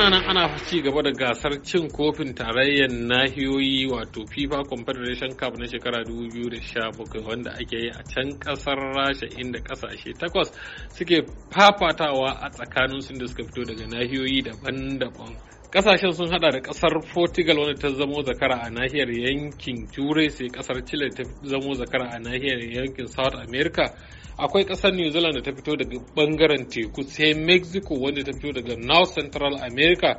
ana nan ana ci gaba da gasar cin kofin tarayyar nahiyoyi wato fifa confederation cup na shekara 2017 wanda ake yi a can kasar rasha inda kasashe takwas suke fafatawa a tsakanin sun da suka fito daga nahiyoyi daban-daban kasashen sun hada da kasar portugal wanda ta zamo zakara a nahiyar yankin turai sai kasar chile ta zamo zakara a nahiyar yankin south america akwai kasar new zealand da ta fito daga bangaren teku sai mexico wanda ta fito daga north central america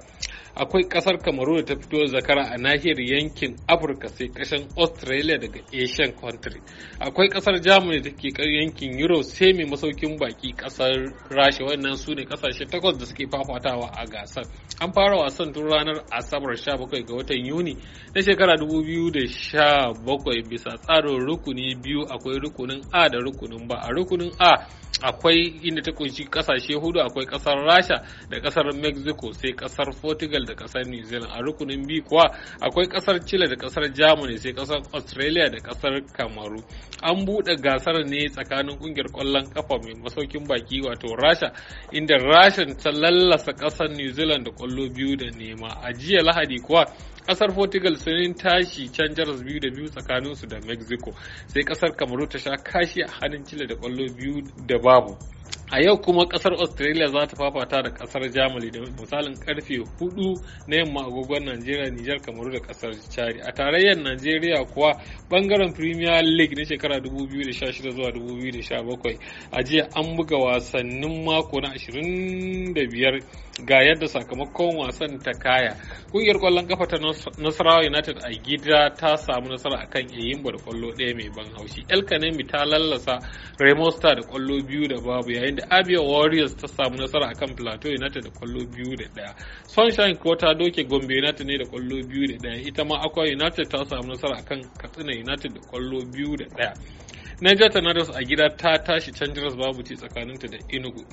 akwai kasar kamaru da ta fito zakara a nahiyar yankin afirka sai kashin australia daga asian country akwai kasar germany da ke yankin europe sai mai masaukin baki kasar rasha wannan su ne kasashe takwas da suke fafatawa a gasar an fara wasan tun ranar asabar 17 ga watan yuni na shekara 2017 bisa tsarin rukuni biyu akwai rukunin a da rukunin ba a rukunin a akwai inda ta kunshi kasashe hudu akwai kasar rasha da kasar mexico sai kasar portugal da kasar new zealand a rukunin b kuwa akwai kasar chile da kasar germany sai kasar australia da kasar kamaru an buɗe gasar ne tsakanin kungiyar kwallon kafa mai masaukin baki wato rasha inda rasha ta lallasa kasar new zealand da kwallo biyu da nema a jiya lahadi kuwa kasar portugal sun tashi can jaras biyu da biyu tsakaninsu da mexico sai kasar kamaru ta sha kashi a hannun chile da kwallo biyu da babu a yau kuma kasar australia za ta fafata da kasar germany da misalin karfe 4 na yamma agogon nigeria nijar kamaru da kasar chari a tarayyar nigeria kuwa bangaren premier league na shekara 2016 zuwa 2017 a jiya an buga wasannin mako na 25 ga yadda sakamakon wasan ta kaya kungiyar kwallon kafa ta nasarawa united a gida ta samu nasara akan yayin da kwallo ɗaya mai ban haushi el ta lallasa remo star da kwallo biyu da babu yayin da abia warriors ta samu nasara akan plateau united da kwallo biyu da daya sunshine ko ta doke gombe united ne da kwallo biyu da daya ita ma akwai united ta samu nasara akan katsina united da kwallo biyu da daya niger tornadoes a gida ta tashi canjaras babu ci tsakaninta da inugu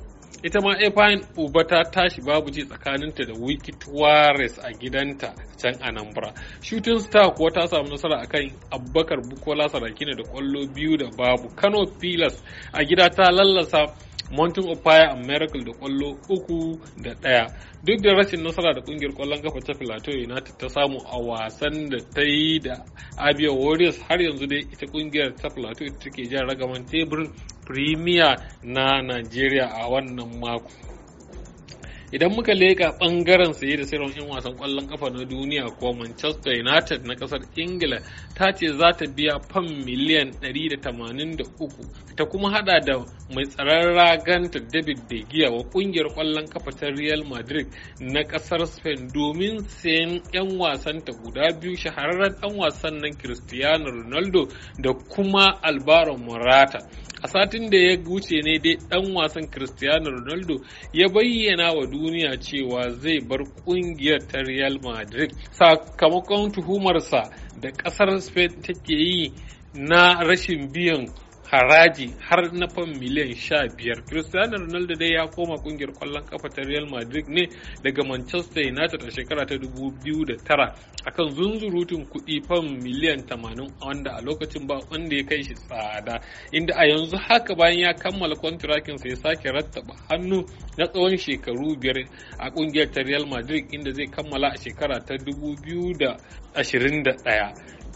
ita ma efine uba ta tashi babu ji tsakaninta da wiki tuwares a gidanta can anambra shooting star kuwa ta samu nasara akan abubakar bukola sarakina da kwallo biyu da babu kano pilas a gida ta lallasa Mountain of Fire and Miracle da kwallo uku da ɗaya. Duk da rashin nasara da kungiyar kwallon kafa ta Filato United ta samu a wasan da ta yi da Abia Warriors har yanzu dai ita kungiyar ta Filato take jan ragaman teburin Premier na Najeriya a wannan mako. idan muka leƙa ɓangaren saye da sayarwar 'yan wasan ƙwallon ƙafa na duniya ko manchester united na ƙasar ingila ta ce za ta biya fam miliyan 183 ta kuma hada da mai tsaron raganta david de gea wa ƙungiyar ƙwallon kafa ta real madrid na ƙasar spain domin sayan 'yan wasan ta guda biyu shahararren ɗan wasan nan cristiano ronaldo da kuma albaro morata a satin da ya wuce ne dai dan wasan cristiano ronaldo ya bayyana wa duniya cewa zai bar kungiyar ta real madrid sakamakon tuhumarsa da kasar spain take yi na rashin biyan haraji har na fam miliyan sha biyar cristiano ronaldo dai ya koma kungiyar kwallon kafa ta real madrid ne daga manchester united a shekara ta 2009 akan zunzurutun kuɗi fam miliyan 80 wanda a lokacin ba wanda ya kai shi tsada inda a yanzu haka bayan ya kammala kwantirakin sai sake rattaba hannu na tsawon shekaru biyar a kungiyar ta real madrid inda zai kammala a shekara ta 2021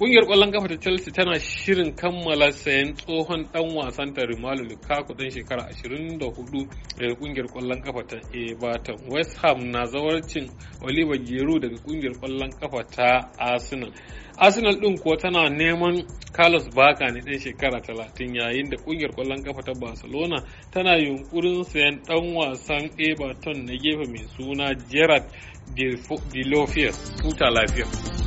Kungiyar kwallon kafa ta Chelsea tana shirin kammala sayan tsohon dan wasan ta Romelu Lukaku dan shekara 24 daga kungiyar kwallon kafa ta Everton. West Ham na zawarcin Oliver Giroud daga kungiyar kwallon kafa ta Arsenal. Arsenal din kuwa tana neman Carlos baka ne dan shekara 30 yayin da kungiyar kwallon kafa ta Barcelona tana yunkurin sayan dan wasan Everton na gefe mai suna Gerard de Huta lafiya.